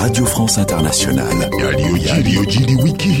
Radio France Internationale wiki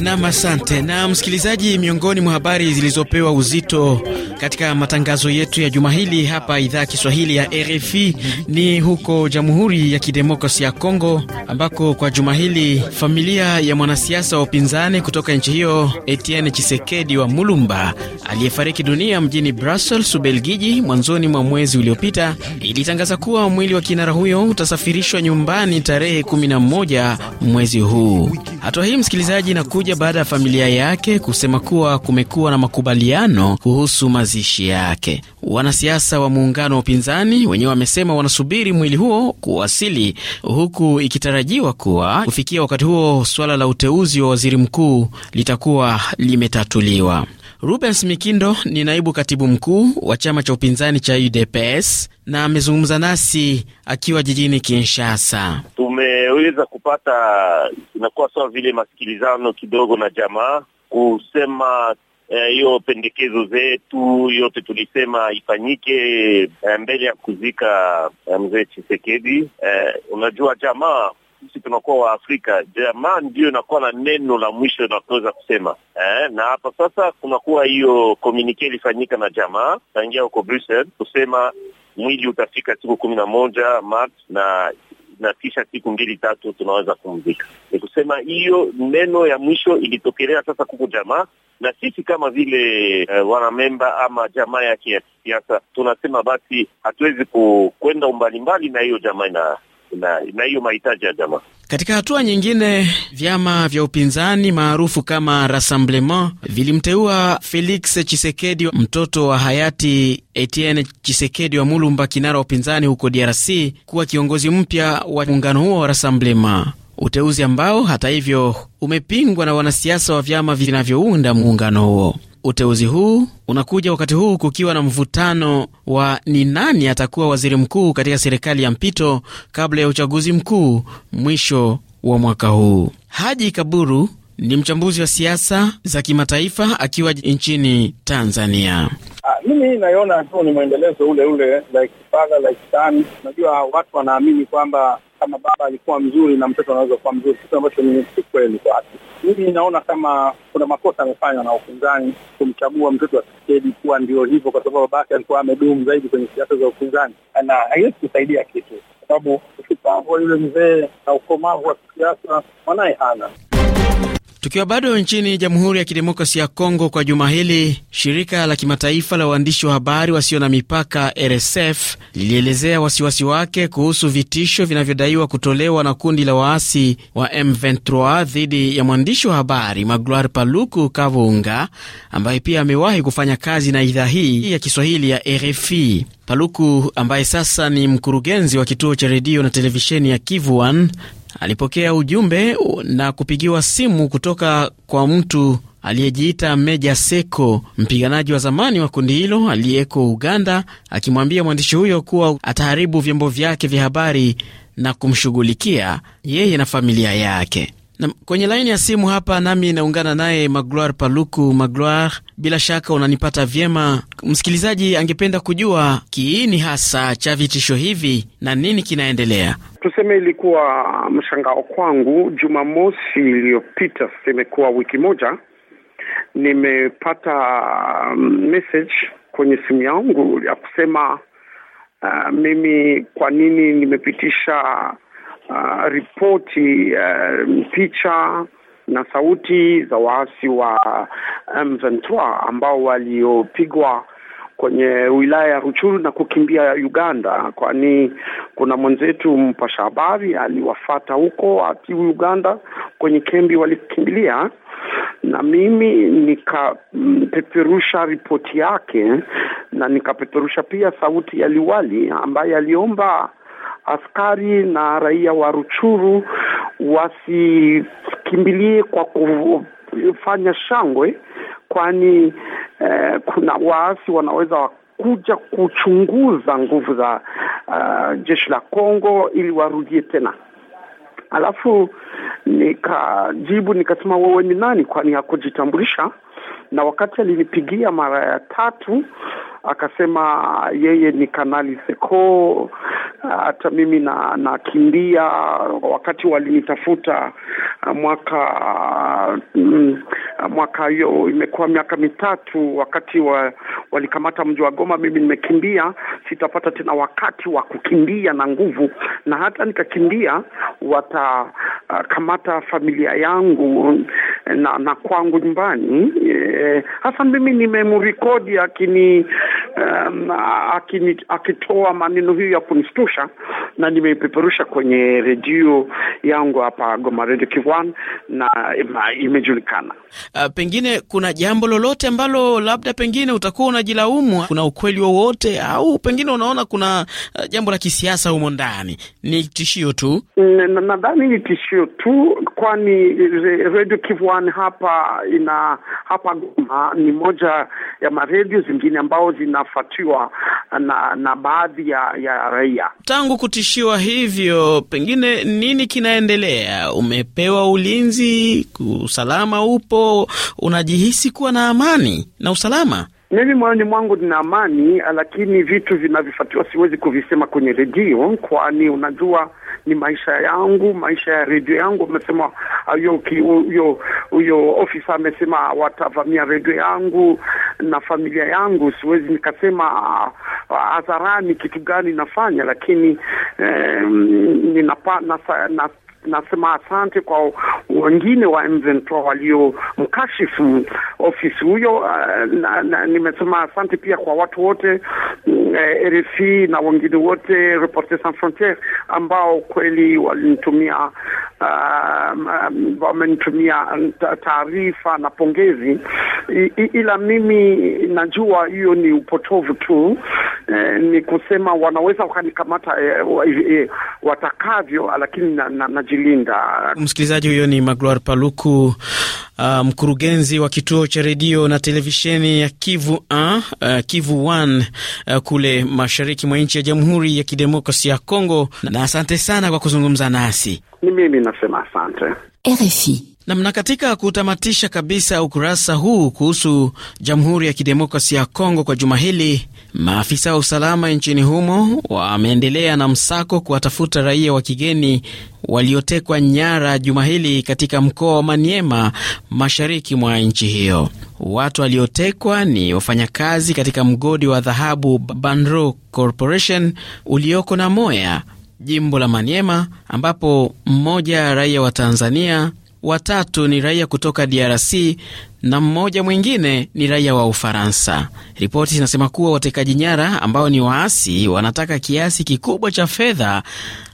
Nam, asante. Na msikilizaji, miongoni mwa habari zilizopewa uzito katika matangazo yetu ya juma hili hapa idhaa ya Kiswahili ya RFI ni huko Jamhuri ya Kidemokrasi ya Kongo, ambako kwa juma hili familia ya mwanasiasa wa upinzani kutoka nchi hiyo Etienne Chisekedi wa Mulumba aliyefariki dunia mjini Brussels, Ubelgiji, mwanzoni mwa mwezi uliopita ilitangaza kuwa mwili wa kinara huyo utasafirishwa nyumbani tarehe 11 mwezi huu. Hatua hii, msikilizaji, inakuja baada ya familia yake kusema kuwa kumekuwa na makubaliano kuhusu mazishi yake. Wanasiasa wa muungano wa upinzani wenyewe wamesema wanasubiri mwili huo kuwasili, huku ikitarajiwa kuwa kufikia wakati huo suala la uteuzi wa waziri mkuu litakuwa limetatuliwa. Rubens Mikindo ni naibu katibu mkuu wa chama cha upinzani cha UDPS na amezungumza nasi akiwa jijini Kinshasa. Tumeweza kupata, inakuwa sawa vile masikilizano kidogo na jamaa kusema Eh, hiyo e, pendekezo zetu yote tulisema ifanyike e, mbele ya kuzika e, mzee Chisekedi. E, unajua jamaa sisi tunakuwa wa Afrika, jamaa ndio inakuwa na neno la mwisho linaweza kusema eh, na hapa sasa kunakuwa hiyo komunike ilifanyika na jamaa tangia huko Brussels kusema mwili utafika siku kumi na moja Mart na na kisha siku mbili tatu tunaweza kumzika. Ni kusema hiyo neno ya mwisho ilitokelea sasa kuko jamaa na sisi kama vile uh, wanamemba ama jamaa ya kisiasa tunasema basi hatuwezi kwenda umbali mbali na hiyo jamaa na hiyo mahitaji ya jamaa. Katika hatua nyingine, vyama vya upinzani maarufu kama Rassemblement vilimteua Felix chisekedi mtoto wa hayati Etienne chisekedi wa Mulumba, kinara wa upinzani huko DRC, kuwa kiongozi mpya wa muungano huo wa Rassemblement, uteuzi ambao hata hivyo umepingwa na wanasiasa wa vyama vinavyounda muungano huo. Uteuzi huu unakuja wakati huu kukiwa na mvutano wa ni nani atakuwa waziri mkuu katika serikali ya mpito kabla ya uchaguzi mkuu mwisho wa mwaka huu. Haji Kaburu ni mchambuzi wa siasa za kimataifa akiwa nchini Tanzania mimi naiona tu ni mwendelezo ule ule like father like son. Najua watu wanaamini kwamba kama baba alikuwa mzuri na mtoto anaweza kuwa mzuri, kitu ambacho ni si kweli kwake. Mimi naona kama kuna makosa amefanywa na upinzani kumchagua mtoto wa Tshisekedi kuwa ndio hivyo, kwa sababu babake alikuwa amedumu zaidi kwenye siasa za upinzani, na haiwezi kusaidia kitu, kwa sababu ushupavu wa yule mzee na ukomavu wa kisiasa mwanaye hana Tukiwa bado nchini Jamhuri ya Kidemokrasi ya Kongo, kwa juma hili shirika la kimataifa la waandishi wa habari wasio na mipaka RSF lilielezea wasiwasi wake kuhusu vitisho vinavyodaiwa kutolewa na kundi la waasi wa M23 dhidi ya mwandishi wa habari Magloire Paluku Kavunga ambaye pia amewahi kufanya kazi na idhaa hii ya Kiswahili ya RFI. Paluku ambaye sasa ni mkurugenzi wa kituo cha redio na televisheni ya Kivu alipokea ujumbe na kupigiwa simu kutoka kwa mtu aliyejiita Meja Seko, mpiganaji wa zamani wa kundi hilo aliyeko Uganda, akimwambia mwandishi huyo kuwa ataharibu vyombo vyake vya habari na kumshughulikia yeye na familia yake. Na kwenye laini ya simu hapa nami inaungana naye Magloire Paluku. Magloire, bila shaka unanipata vyema. Msikilizaji angependa kujua kiini hasa cha vitisho hivi na nini kinaendelea. Tuseme ilikuwa mshangao kwangu Jumamosi iliyopita, kuwa wiki moja, nimepata um, message kwenye simu yangu ya kusema uh, mimi kwa nini nimepitisha Ah, ripoti uh, picha na sauti za waasi wa M23 ambao waliopigwa kwenye wilaya ya Ruchuru na kukimbia Uganda, kwani kuna mwenzetu mpasha habari aliwafata huko ati Uganda kwenye kambi walikimbilia, na mimi nikapeperusha ripoti yake na nikapeperusha pia sauti ya liwali ambaye aliomba askari na raia wa Ruchuru wasikimbilie kwa kufanya shangwe, kwani eh, kuna waasi wanaweza kuja kuchunguza nguvu za uh, jeshi la Kongo ili warudie tena. Alafu nikajibu nikasema, wewe ni nani? Kwani hakujitambulisha. Na wakati alinipigia mara ya tatu akasema yeye ni Kanali Seko hata mimi na nakimbia, wakati walinitafuta uh, mwaka mm, uh, mwaka hiyo, imekuwa miaka mitatu, wakati wa, walikamata mji wa Goma, mimi nimekimbia, sitapata tena wakati wa kukimbia na nguvu, na hata nikakimbia watakamata uh, familia yangu uh, na, na kwangu nyumbani e, hasa mimi nimemrekodi akini um, akini akitoa maneno hiyo ya kunistu nimeipeperusha na nimeipeperusha kwenye redio yangu hapa Goma, Redio kivu na ima, imejulikana. A, ah, pengine kuna jambo lolote ambalo labda pengine utakuwa unajilaumu, kuna ukweli wowote au pengine unaona kuna ah, jambo la kisiasa humo ndani? Ni tishio tu, nadhani na, ni tishio tu, kwani Redio kivu hapa ina hapa Goma ni moja ya maredio zingine ambao zinafuatiwa na, na baadhi ya, ya raia. Tangu kutishiwa hivyo, pengine nini kinaendelea? Umepewa ulinzi, usalama upo, unajihisi kuwa na amani na usalama? Mimi moyoni mwangu nina amani, lakini vitu vinavyofuatiwa siwezi kuvisema kwenye redio, kwani unajua ni maisha yangu, maisha ya redio yangu. Amesema huyo huyo ofisa amesema watavamia redio yangu na familia yangu. Siwezi nikasema ah, ah, hadharani kitu gani nafanya, lakini eh, ninapa, nasa, nasa, nasema asante kwa wengine wa walio 23 waliomkashifu ofisi huyo. Uh, nimesema asante pia kwa watu wote uh, mm, eh, RFI na wengine wote Reporters Sans Frontieres ambao kweli walinitumia um, um, wamenitumia taarifa na pongezi I, ila mimi najua hiyo ni upotovu tu Eh, ni kusema wanaweza wakanikamata eh, eh, eh, watakavyo, lakini najilinda na, na msikilizaji huyo ni Magloire Paluku uh, mkurugenzi wa kituo cha redio na televisheni ya Kivu uh, uh, Kivu 1 uh, kule mashariki mwa nchi ya Jamhuri ya kidemokrasi ya Kongo, na asante sana kwa kuzungumza nasi. Ni mimi nasema asante RFI. Namna katika kutamatisha kabisa ukurasa huu kuhusu Jamhuri ya Kidemokrasia ya Kongo kwa juma hili, maafisa wa usalama nchini humo wameendelea na msako kuwatafuta raia wa kigeni waliotekwa nyara juma hili katika mkoa wa Maniema, mashariki mwa nchi hiyo. Watu waliotekwa ni wafanyakazi katika mgodi wa dhahabu banro Corporation ulioko na Moya, jimbo la Maniema, ambapo mmoja raia wa Tanzania watatu ni raia kutoka DRC na mmoja mwingine ni raia wa Ufaransa. Ripoti zinasema kuwa watekaji nyara ambao ni waasi wanataka kiasi kikubwa cha fedha,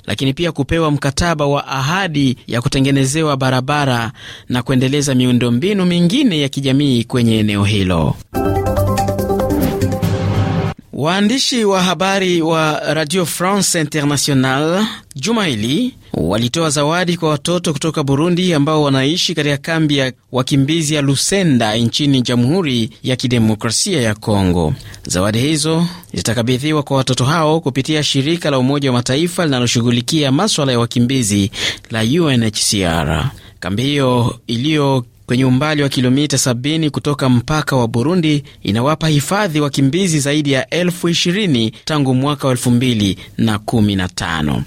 lakini pia kupewa mkataba wa ahadi ya kutengenezewa barabara na kuendeleza miundombinu mingine ya kijamii kwenye eneo hilo. Waandishi wa habari wa Radio France International juma hili walitoa zawadi kwa watoto kutoka Burundi ambao wanaishi katika kambi ya wakimbizi ya Lusenda nchini Jamhuri ya Kidemokrasia ya Kongo. Zawadi hizo zitakabidhiwa kwa watoto hao kupitia shirika la Umoja wa Mataifa linaloshughulikia maswala ya wakimbizi la UNHCR. Kambi hiyo iliyo kwenye umbali wa kilomita 70 kutoka mpaka wa Burundi inawapa hifadhi wakimbizi zaidi ya elfu 20 tangu mwaka wa 2015.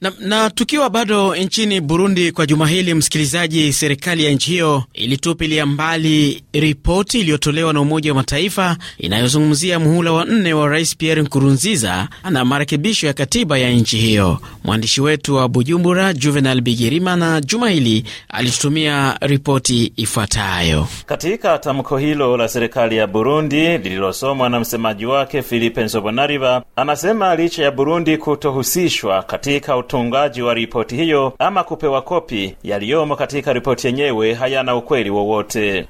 Na, na tukiwa bado nchini Burundi kwa juma hili, msikilizaji, serikali ya nchi hiyo ilitupilia mbali ripoti iliyotolewa na Umoja wa Mataifa inayozungumzia muhula wa nne wa Rais Pierre Nkurunziza na marekebisho ya katiba ya nchi hiyo. Mwandishi wetu wa Bujumbura, Juvenal Bigirima, na juma hili alitutumia ripoti ifuatayo. Katika tamko hilo la serikali ya Burundi lililosomwa na msemaji wake Philippe Nsobonariva, anasema licha ya Burundi kutohusishwa katika utungaji wa ripoti hiyo ama kupewa kopi, yaliyomo katika ripoti yenyewe hayana ukweli wowote.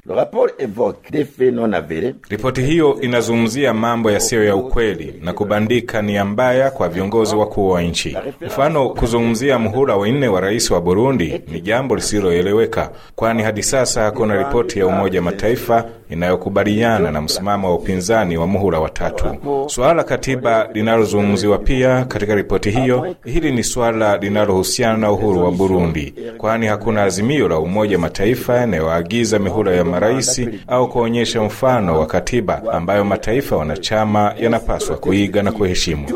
Ripoti hiyo inazungumzia mambo yasiyo ya ukweli na kubandika ni mbaya kwa viongozi wakuu wa nchi. Mfano, kuzungumzia mhula wanne wa rais wa Burundi ni jambo lisiloeleweka, kwani hadi sasa hakuna ripoti ya Umoja Mataifa inayokubaliana na msimamo wa upinzani wa muhula wa tatu. Suala la katiba linalozungumziwa pia katika ripoti hiyo, hili ni suala linalohusiana na uhuru wa Burundi, kwani hakuna azimio la Umoja Mataifa yanayoagiza mihula ya maraisi au kuonyesha mfano wa katiba ambayo mataifa wanachama yanapaswa kuiga na kuheshimu.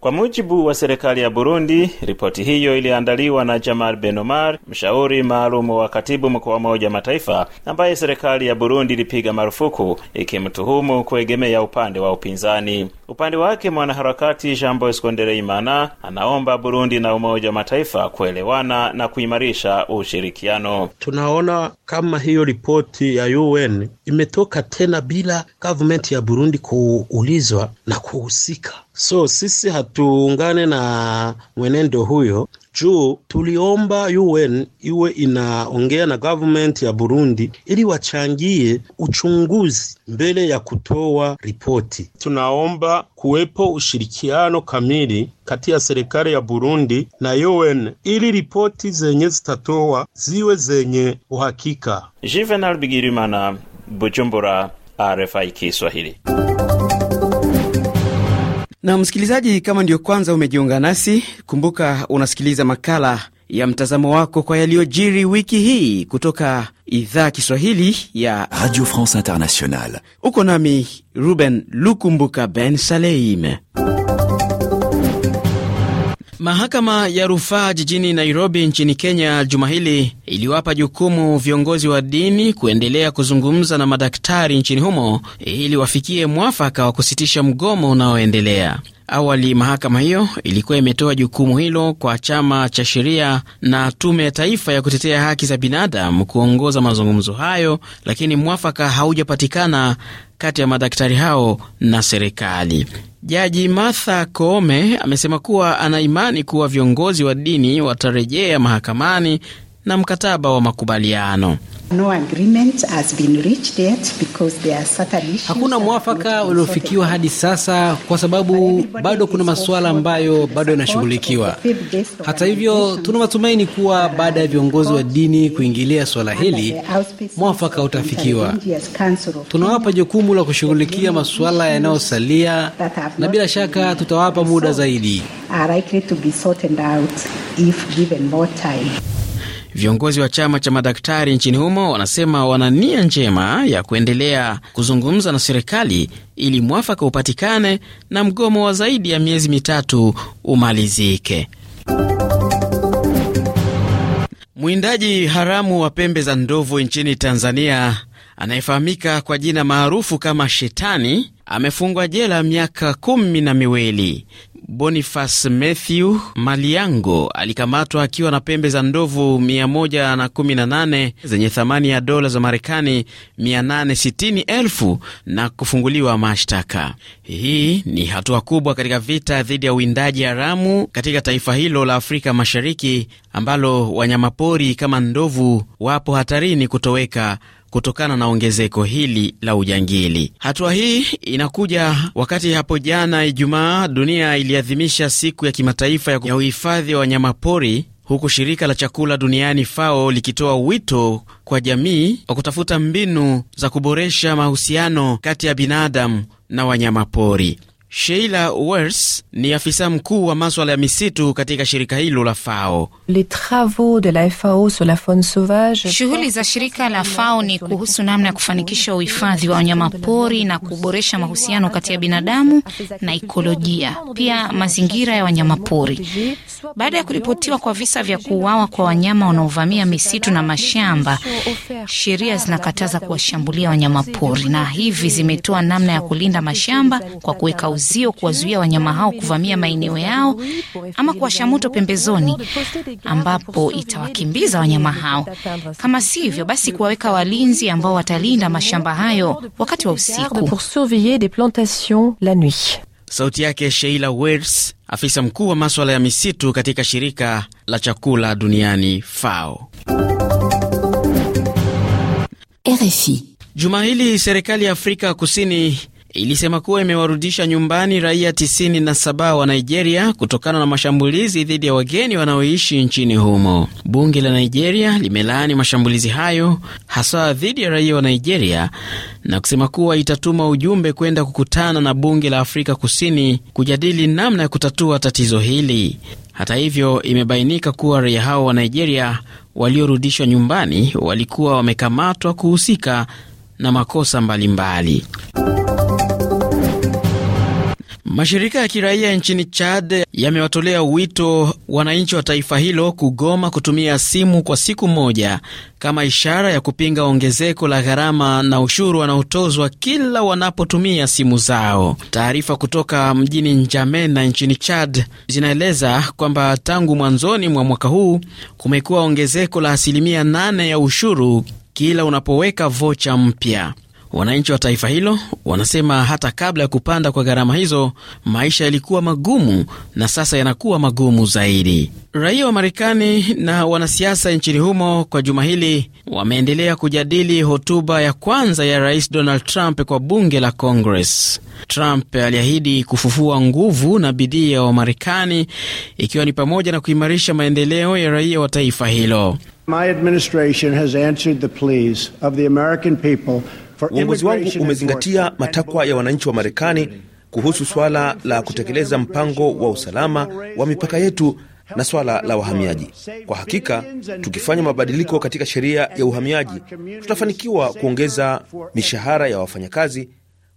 Kwa mujibu wa serikali ya Burundi, ripoti hiyo iliandaliwa na Jamal Benomar, mshauri maalum wa katibu mkuu Umoja Mataifa ambaye serikali ya Burundi ilipiga marufuku ikimtuhumu kuegemea upande wa upinzani. Upande wake mwanaharakati Jean Bosco Ndereimana anaomba Burundi na Umoja wa Mataifa kuelewana na kuimarisha ushirikiano. Tunaona kama hiyo ripoti ya UN imetoka tena bila government ya Burundi kuulizwa na kuhusika. So sisi hatuungane na mwenendo huyo, juu tuliomba UN iwe inaongea na government ya Burundi ili wachangie uchunguzi mbele ya kutoa ripoti. Tunaomba kuwepo ushirikiano kamili kati ya serikali ya Burundi na UN ili ripoti zenye zitatoa ziwe zenye uhakika. Juvenal Bigirimana, Bujumbura, RFI Kiswahili. Na msikilizaji, kama ndiyo kwanza umejiunga nasi, kumbuka unasikiliza makala ya mtazamo wako kwa yaliyojiri wiki hii kutoka idhaa Kiswahili ya Radio France Internationale. Uko nami Ruben Lukumbuka Ben Saleim. Mahakama ya rufaa jijini Nairobi nchini Kenya juma hili iliwapa jukumu viongozi wa dini kuendelea kuzungumza na madaktari nchini humo ili wafikie mwafaka wa kusitisha mgomo unaoendelea. Awali mahakama hiyo ilikuwa imetoa jukumu hilo kwa chama cha sheria na tume ya taifa ya kutetea haki za binadamu kuongoza mazungumzo hayo, lakini mwafaka haujapatikana kati ya madaktari hao na serikali. Jaji Martha Koome amesema kuwa ana imani kuwa viongozi wa dini watarejea mahakamani na mkataba wa makubaliano. No agreement has been reached yet because there are certain issues. Hakuna mwafaka uliofikiwa hadi sasa kwa sababu bado kuna masuala ambayo bado yanashughulikiwa. Hata hivyo, tuna matumaini kuwa baada ya viongozi wa dini kuingilia suala hili, mwafaka utafikiwa. Tunawapa jukumu la kushughulikia masuala yanayosalia na bila shaka tutawapa muda zaidi. Viongozi wa chama cha madaktari nchini humo wanasema wana nia njema ya kuendelea kuzungumza na serikali ili mwafaka upatikane na mgomo wa zaidi ya miezi mitatu umalizike. Mwindaji haramu wa pembe za ndovu nchini Tanzania anayefahamika kwa jina maarufu kama Shetani amefungwa jela miaka kumi na miwili. Boniface Matthew Maliango alikamatwa akiwa na pembe za ndovu 118 zenye thamani ya dola za Marekani 860,000 na kufunguliwa mashtaka. Hii ni hatua kubwa katika vita dhidi ya uwindaji haramu katika taifa hilo la Afrika Mashariki ambalo wanyamapori kama ndovu wapo hatarini kutoweka kutokana na ongezeko hili la ujangili. Hatua hii inakuja wakati hapo jana Ijumaa dunia iliadhimisha siku ya kimataifa ya uhifadhi wa wanyamapori huku shirika la chakula duniani FAO likitoa wito kwa jamii wa kutafuta mbinu za kuboresha mahusiano kati ya binadamu na wanyamapori. Sheila Wers ni afisa mkuu wa maswala ya misitu katika shirika hilo la FAO. Shughuli za shirika la FAO ni kuhusu namna ya kufanikisha uhifadhi wa wanyamapori na kuboresha mahusiano kati ya binadamu na ikolojia, pia mazingira ya pori. Baada ya kuripotiwa kwa visa vya kuuawa kwa wanyama wanaovamia misitu na mashamba, sheria zinakataza kuwashambulia pori, na hivi zimetoa namna ya kulinda mashamba kwa kuweka uzio kuwazuia wanyama hao kuvamia maeneo yao ama kuwasha moto pembezoni, ambapo itawakimbiza wanyama hao. Kama sivyo, basi kuwaweka walinzi ambao watalinda mashamba hayo wakati wa usiku. Sauti yake Sheila Wers, afisa mkuu wa maswala ya misitu katika shirika la chakula duniani FAO. RFI. Juma hili serikali ya Afrika Kusini ilisema kuwa imewarudisha nyumbani raia 97 wa Nigeria kutokana na mashambulizi dhidi ya wageni wanaoishi nchini humo. Bunge la Nigeria limelaani mashambulizi hayo haswa dhidi ya raia wa Nigeria na kusema kuwa itatuma ujumbe kwenda kukutana na bunge la Afrika Kusini kujadili namna ya kutatua tatizo hili. Hata hivyo, imebainika kuwa raia hao wa Nigeria waliorudishwa nyumbani walikuwa wamekamatwa kuhusika na makosa mbalimbali mbali. Mashirika ya kiraia nchini Chad yamewatolea wito wananchi wa taifa hilo kugoma kutumia simu kwa siku moja kama ishara ya kupinga ongezeko la gharama na ushuru wanaotozwa kila wanapotumia simu zao. Taarifa kutoka mjini Njamena nchini Chad zinaeleza kwamba tangu mwanzoni mwa mwaka huu kumekuwa ongezeko la asilimia 8 ya ushuru kila unapoweka vocha mpya. Wananchi wa taifa hilo wanasema hata kabla ya kupanda kwa gharama hizo, maisha yalikuwa magumu na sasa yanakuwa magumu zaidi. Raia wa Marekani na wanasiasa nchini humo kwa juma hili wameendelea kujadili hotuba ya kwanza ya Rais Donald Trump kwa bunge la Congress. Trump aliahidi kufufua nguvu na bidii ya Wamarekani, ikiwa ni pamoja na kuimarisha maendeleo ya raia wa taifa hilo. My administration has answered the pleas of the American people Uongozi wangu umezingatia matakwa ya wananchi wa Marekani kuhusu swala la kutekeleza mpango wa usalama wa mipaka yetu na swala la wahamiaji. Kwa hakika, tukifanya mabadiliko katika sheria ya uhamiaji, tutafanikiwa kuongeza mishahara ya wafanyakazi,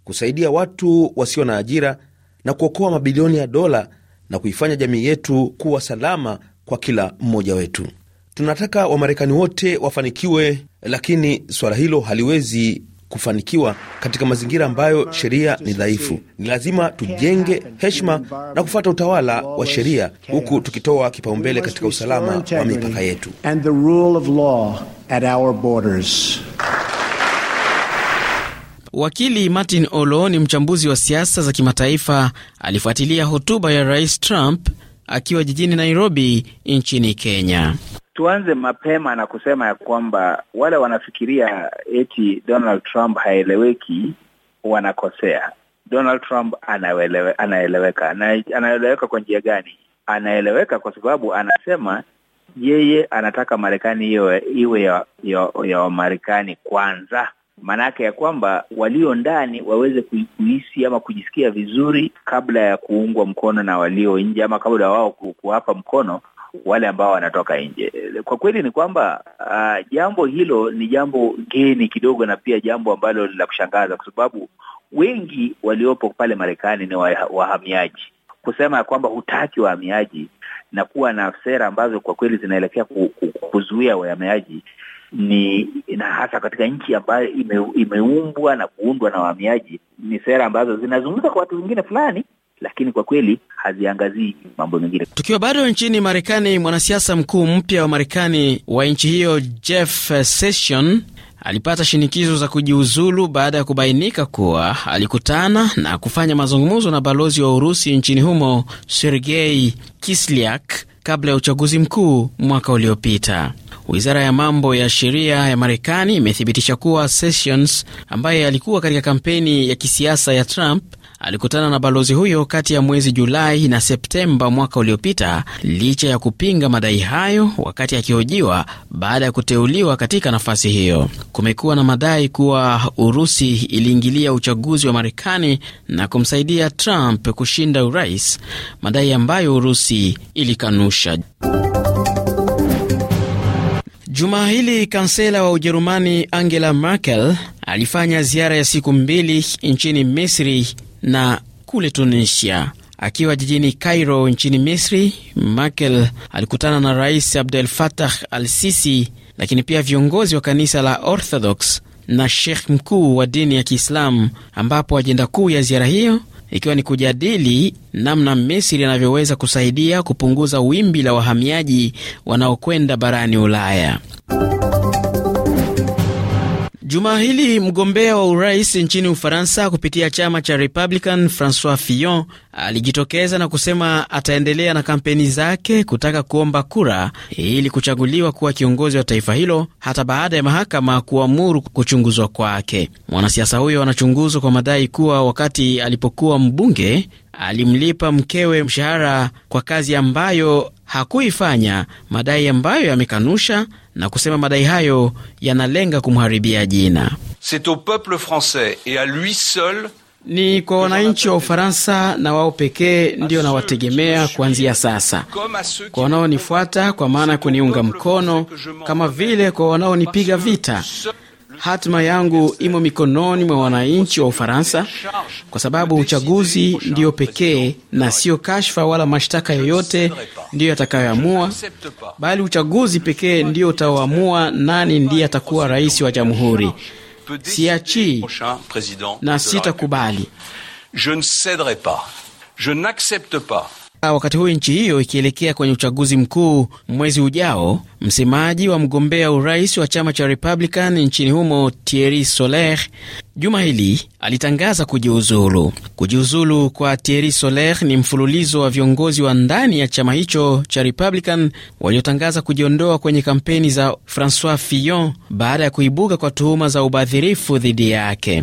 kusaidia watu wasio na ajira na kuokoa mabilioni ya dola na kuifanya jamii yetu kuwa salama kwa kila mmoja wetu. Tunataka Wamarekani wote wafanikiwe, lakini swala hilo haliwezi kufanikiwa katika mazingira ambayo sheria ni dhaifu. Ni lazima tujenge heshima na kufuata utawala wa sheria, huku tukitoa kipaumbele katika usalama wa mipaka yetu. Wakili Martin Olo ni mchambuzi wa siasa za kimataifa. Alifuatilia hotuba ya Rais Trump akiwa jijini Nairobi nchini Kenya tuanze mapema na kusema ya kwamba wale wanafikiria eti Donald Trump haeleweki wanakosea. Donald Trump anaeleweka. Anaeleweka kwa njia gani? Anaeleweka kwa sababu anasema yeye anataka Marekani iwe, iwe ya, ya, ya Wamarekani kwanza, maanake ya kwamba walio ndani waweze kuhisi ama kujisikia vizuri kabla ya kuungwa mkono na walio nje ama kabla wao kuwapa mkono wale ambao wanatoka nje. Kwa kweli ni kwamba uh, jambo hilo ni jambo geni kidogo, na pia jambo ambalo la kushangaza, kwa sababu wengi waliopo pale Marekani ni wahamiaji. Kusema ya kwamba hutaki wahamiaji na kuwa na sera ambazo kwa kweli zinaelekea kuzuia wahamiaji ni na hasa katika nchi ambayo ime, imeumbwa na kuundwa na wahamiaji, ni sera ambazo zinazungumza kwa watu wengine fulani lakini kwa kweli haziangazii mambo mengine. Tukiwa bado nchini Marekani, mwanasiasa mkuu mpya wa Marekani wa nchi hiyo Jeff Sessions alipata shinikizo za kujiuzulu baada ya kubainika kuwa alikutana na kufanya mazungumzo na balozi wa Urusi nchini humo Sergei kisliak kabla ya uchaguzi mkuu mwaka uliopita. Wizara ya mambo ya sheria ya Marekani imethibitisha kuwa Sessions ambaye alikuwa katika kampeni ya kisiasa ya Trump Alikutana na balozi huyo kati ya mwezi Julai na Septemba mwaka uliopita, licha ya kupinga madai hayo wakati akihojiwa baada ya kuteuliwa katika nafasi hiyo. Kumekuwa na madai kuwa Urusi iliingilia uchaguzi wa Marekani na kumsaidia Trump kushinda urais, madai ambayo Urusi ilikanusha. Jumaa hili kansela wa Ujerumani Angela Merkel alifanya ziara ya siku mbili nchini Misri na kule Tunisia. Akiwa jijini Cairo nchini Misri, Merkel alikutana na Rais Abdel Fattah al Sisi, lakini pia viongozi wa kanisa la Orthodox na shekh mkuu wa dini ya Kiislamu, ambapo ajenda kuu ya ziara hiyo ikiwa ni kujadili namna Misri anavyoweza kusaidia kupunguza wimbi la wahamiaji wanaokwenda barani Ulaya. Juma hili mgombea wa urais nchini Ufaransa kupitia chama cha Republican Francois Fillon alijitokeza na kusema ataendelea na kampeni zake kutaka kuomba kura ili kuchaguliwa kuwa kiongozi wa taifa hilo hata baada ya mahakama kuamuru kuchunguzwa kwake. Mwanasiasa huyo anachunguzwa kwa madai kuwa wakati alipokuwa mbunge alimlipa mkewe mshahara kwa kazi ambayo hakuifanya, madai ambayo yamekanusha na kusema madai hayo yanalenga kumharibia jina. C'est au peuple et à lui seul ni kwa wananchi wa Ufaransa na wao pekee ndio nawategemea kuanzia sasa, kwa wanaonifuata, kwa maana kuniunga mkono, kama vile kwa wanaonipiga vita, Hatima yangu imo mikononi mwa wananchi wa Ufaransa, kwa sababu uchaguzi ndiyo pekee na siyo kashfa wala mashtaka yoyote ndiyo yatakayoamua, bali uchaguzi pekee ndiyo utaoamua nani ndiye atakuwa rais wa jamhuri. Siachii na sitakubali. Je ne cederai pas. Je n'accepte pas Ah, wakati huu nchi hiyo ikielekea kwenye uchaguzi mkuu mwezi ujao, msemaji wa mgombea urais wa chama cha Republican nchini humo Thierry Soler juma hili alitangaza kujiuzulu. Kujiuzulu kwa Thierry Soler ni mfululizo wa viongozi wa ndani ya chama hicho cha Republican waliotangaza kujiondoa kwenye kampeni za Francois Fillon baada ya kuibuka kwa tuhuma za ubadhirifu dhidi yake.